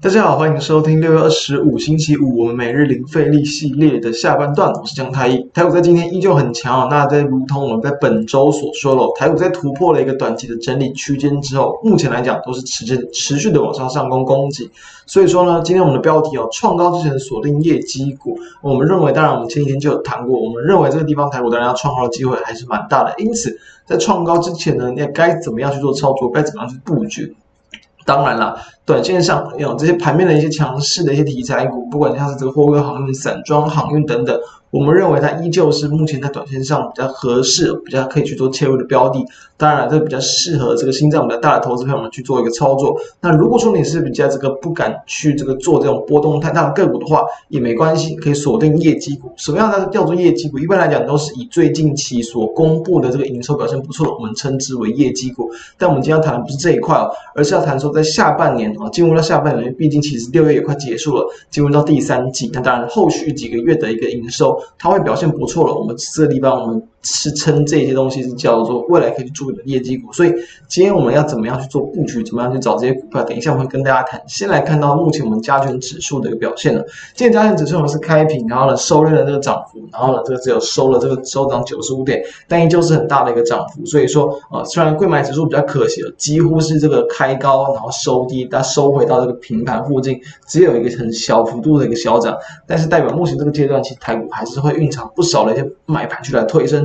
大家好，歡迎收聽六月二十五星期五，我們每日零費力系列的下半段，我是江太一。台股在今天依舊很強哦，那在如同我們在本周所說的，台股在突破了一個短期的整理區間之後，目前來講都是持續持續的往上上攻攻擊。所以說呢，今天我們的標題哦，創高之前鎖定業績股，我們認為，當然我們前幾天就有談過，我們認為這個地方台股當然要創高的機會還是蠻大的。因此，在創高之前呢，你該該怎麼樣去做操作，該怎麼樣去布局。當然了，短線上有這些盤面的一些強勢的一些題材股，不管它是這個貨櫃航運、散裝航運等等。我們認為它依舊是目前在短線上比較合適、比較可以去做切入的標的。當然，這比較適合這個心臟比較大的投資朋友們去做一個操作。那如果說你是比較這個不敢去這個做這種波動太大的個股的話，也沒關係，可以鎖定業績股。什麼樣的叫做業績股？一般來講都是以最近期所公布的這個營收表現不錯的，我們稱之為業績股。但我們今天要談的不是這一塊哦，而是要談說在下半年啊，進入到下半年，畢竟其實六月也快結束了，進入到第三季。那當然，後續幾個月的一個營收。它會表現不錯了，我們這個地方我們。是稱這些東西是叫做未來可以做的業績股，所以今天我們要怎麼樣去做布局，怎麼樣去找這些股票？等一下我會跟大家談。先來看到目前我們加權指數的一個表現了。今天加權指數我們是開平，然後呢收略了這個漲幅，然後呢這個只有收了這個收漲九十五點，但依舊是很大的一個漲幅。所以說呃、啊、雖然櫃買指數比較可惜了，幾乎是這個開高然後收低，但收回到這個平盤附近，只有一個很小幅度的一個小漲，但是代表目前這個階段其實台股還是會蘊藏不少的一些買盤出來推升。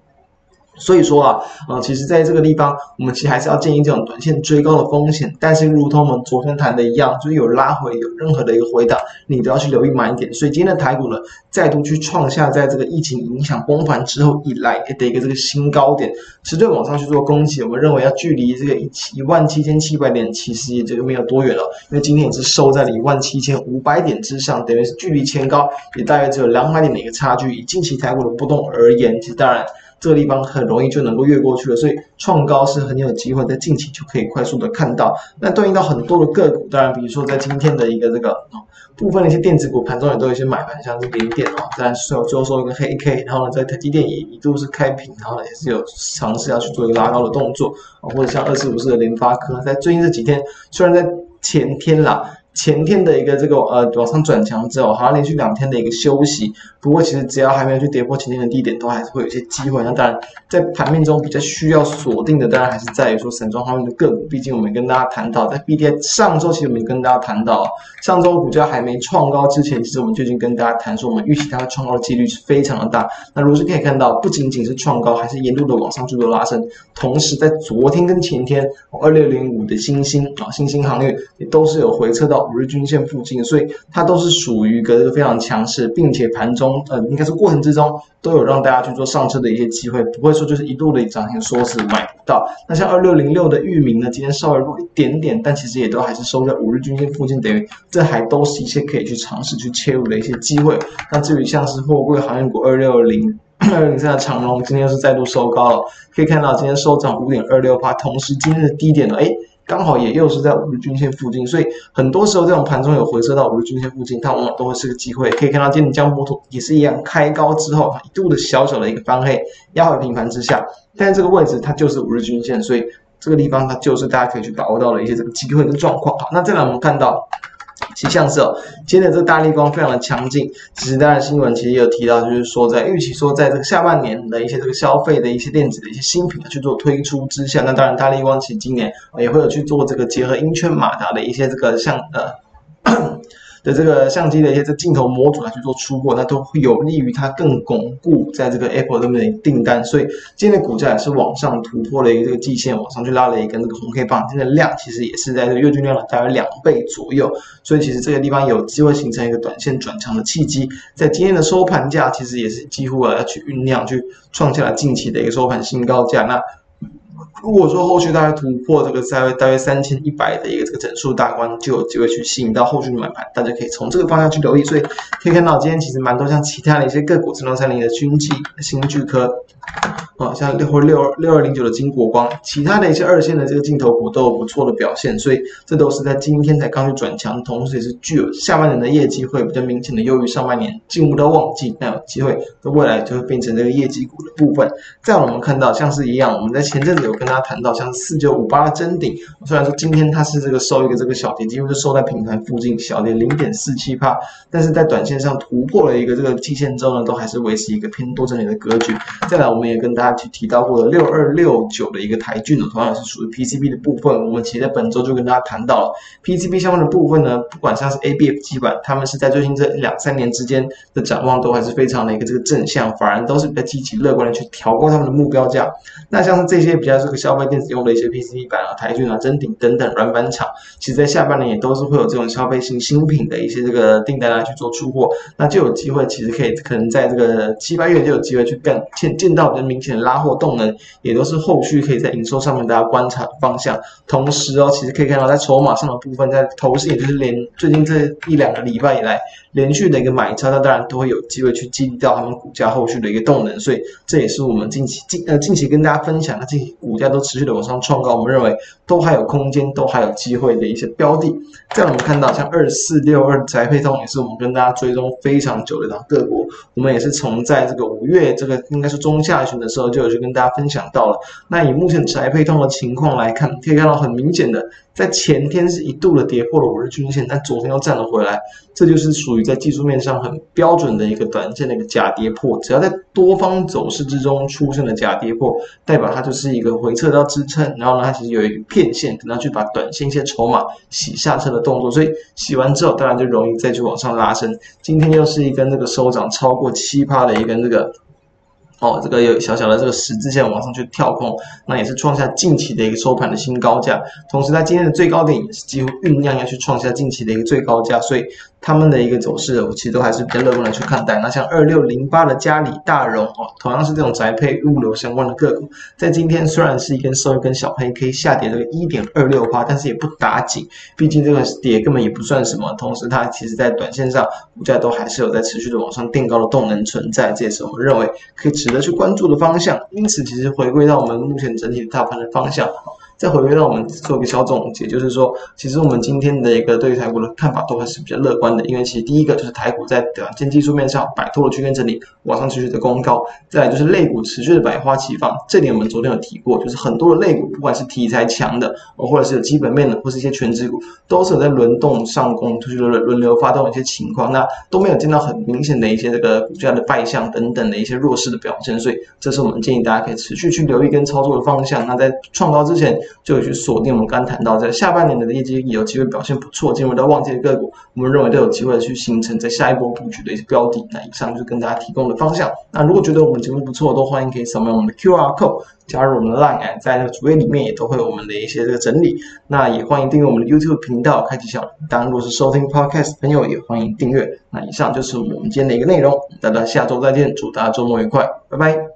所以說啊，嗯、呃、其實，在這個地方，我們其實還是要建議這種短線追高的風險。但是，如同我們昨天談的一樣，就是有拉回，有任何的一個回檔，你都要去留意買點。所以，今天的台股呢，再度去創下在這個疫情影響崩盤之後以來的一個這個新高點，持續往上去做攻擊。我們認為，要距離這個一萬七千七百點，其實也就沒有多遠了。因為今天也是收在了一萬七千五百點之上，等於是距離前高也大約只有兩百點的一個差距。以近期台股的波動而言，其實當然。這個地方很容易就能夠越過去了，所以創高是很有機會在近期就可以快速的看到。那對應到很多的個股，當然，比如說在今天的一個這個、哦、部分的一些電子股盤中也都有一些買盤，像是聯電啊，當然收收一個黑 K，然後呢在台積電也一度是開平，然後呢也是有嘗試要去做一個拉高的動作、哦、或者像二四五四的聯發科，在最近這幾天雖然在前天啦。前天的一個這個呃往上轉強之後，好像，連續兩天的一個休息。不過其實只要還沒有去跌破前天的低點，都還是會有一些機會。那當然，在盤面中比較需要鎖定的，當然還是在於說，散裝方面的個股。畢竟我們跟大家談到，在 BDI 上周，其實我們跟大家談到，上周股價還沒創高之前，其實我們就已經跟大家談說，我們預期它的創高的幾率是非常的大。那如果是可以看到，不僅僅是創高，還是沿路的往上去做拉升。同時在昨天跟前天，二六零五的新興啊、哦，新興航運也都是有回撤到。五日均線附近，所以它都是屬於一個非常強勢，並且盤中呃，應該是過程之中都有讓大家去做上車的一些機會，不會說就是一度的漲停說是買不到。那像二六零六的裕民呢，今天稍微弱一點點，但其實也都還是收在五日均線附近，等於這還都是一些可以去嘗試去切入的一些機會。那至於像是貨櫃航運股二六零二零三的長榮，今天又是再度收高了，可以看到今天收漲五點二六八，同時今天的低點呢，哎，剛好也又是在五日均線附近，所以很多時候這種盤中有回撤到五日均線附近，它往往都會是個機會。可以看到今天江波圖也是一樣，開高之後一度的小小的一個翻黑，壓回平盤之下，但是這個位置它就是五日均線，所以這個地方它就是大家可以去把握到的一些這個機會跟狀況。好，那再來我們看到。其實像是，今天的這個大立光非常的強勁。其實當然新聞其實也有提到，就是說在預期說在這個下半年的一些這個消費的一些電子的一些新品的去做推出之下，那當然大立光其實今年也會有去做這個結合音圈馬達的一些這個像呃。的這個相機的一些這鏡頭模組來去做出貨，那都會有利於它更鞏固在這個 Apple 上面的訂單。所以今天的股價也是往上突破了一個這個季線，往上去拉了一根這個紅 K 棒。今天的量其實也是在這個月均量，大約兩倍左右，所以其實這個地方有機會形成一個短線轉強的契機。在今天的收盤價，其實也是幾乎、啊、要去醞釀去創下了近期的一個收盤新高價。那。如果說後續大家突破這個在大約三千一百的一個這個整數大關，就有機會去吸引到後續的買盤，大家可以從這個方向去留意。所以可以看到今天其實蠻多像其他的一些個股，晨光森林的軍紀，新巨科。啊，像六或六二六二零九的今國光，其他的一些二線的這個鏡頭股都有不錯的表現，所以這都是在今天才剛去轉強，同時也是具有下半年的業績會比較明顯的優於上半年進入到旺季那有機會，那未來就會變成這個業績股的部分。再我們看到像是一樣，我們在前陣子有跟大家談到，像四九五八的臻鼎，雖然說今天它是這個收一個這個小跌，幾乎是收在平盤附近小跌零點四七趴，但是在短線上突破了一個這個季線之後呢，都還是維持一個偏多整理的格局。再來，我們也跟大家。提到過的六二六九的一個台郡呢，同樣是屬於 PCB 的部分。我們其實在本周就跟大家談到了 PCB 相關的部分呢，不管像是 ABF 基板，他們是在最近這兩三年之間的展望都還是非常的一個這個正向，反而都是比較積極樂觀的去調高他們的目標價。那像是這些比較這個消費電子用的一些 PCB 板啊、台郡啊、臻鼎等等軟板廠，其實在下半年也都是會有這種消費性新品的一些這個訂單啊去做出貨，那就有機會其實可以可能在這個七八月就有機會去更見見到跟明顯的。拉貨動能也都是後續可以在營收上面大家觀察的方向。同時哦，其實可以看到在籌碼上的部分，在投信，也就是連最近這一兩個禮拜以來連續的一個買超，它當然都會有機會去激勵到他們股價後續的一個動能。所以這也是我們近期近呃近期跟大家分享的，近期股價都持續的往上創高，我們認為都還有空間，都還有機會的一些標的。在我們看到像二四六二宅配通也是我們跟大家追蹤非常久的，一檔個股我們也是從在這個五月這個應該是中下旬的時候。就有去跟大家分享到了。那以目前宅配通的情況來看，可以看到很明顯的，在前天是一度的跌破了五日均線，但昨天又站了回來。這就是屬於在技術面上很標準的一個短線的一個假跌破。只要在多方走勢之中出現了假跌破，代表它就是一個回撤到支撐，然後呢，它其實有一個騙線，等它去把短線一些籌碼洗下車的動作。所以洗完之後，當然就容易再去往上拉升。今天又是一根這個收漲超過七趴的一根這個。哦，這個有小小的這個十字線往上去跳空，那也是創下近期的一個收盤的新高價。同時，它今天的最高點也是幾乎醞釀要去創下近期的一個最高價，所以他們的一個走勢，我其實都還是比較樂觀的去看待。那像二六零八的嘉里大榮哦，同樣是這種宅配物流相關的個股，在今天雖然是一根收一根小黑，可以下跌這個一點二六八，但是也不打緊，畢竟這個跌根本也不算什麼。同時，它其實在短線上，股價都還是有在持續的往上墊高的動能存在，這也是我們認為可以持。值得去關注的方向，因此其實回歸到我們目前整體的大盤的方向。再回歸到我們做一個小總結，就是說，其實我們今天的一個對於台股的看法都還是比較樂觀的，因為其實第一個就是台股在短線技術面上擺脫了區間整理，往上持續的攻高，再來就是類股持續的百花齊放，這點我們昨天有提過，就是很多的類股，不管是題材強的，或者是有基本面的，或是一些權值股，都是在輪動上攻，就是輪輪流發動的一些情況，那都沒有見到很明顯的一些這個股價的敗相等等的一些弱勢的表現，所以這是我們建議大家可以持續去留意跟操作的方向。那在創高之前。就有去鎖定我們剛剛談到在下半年的業績有機會表現不錯進入到旺季的個股，我們認為都有機會去形成在下一波布局的一些標的。那以上就是跟大家提供的方向。那如果覺得我們節目不錯，都歡迎可以掃描我們的 QR code 加入我們的 Line，在那個主頁裡面也都會有我們的一些這個整理。那也歡迎訂閱我們的 YouTube 頻道，開啟小鈴鐺。當然如果是收聽 Podcast 的朋友，也歡迎訂閱。那以上就是我們今天的一個內容，大家下周再見，祝大家周末愉快，拜拜。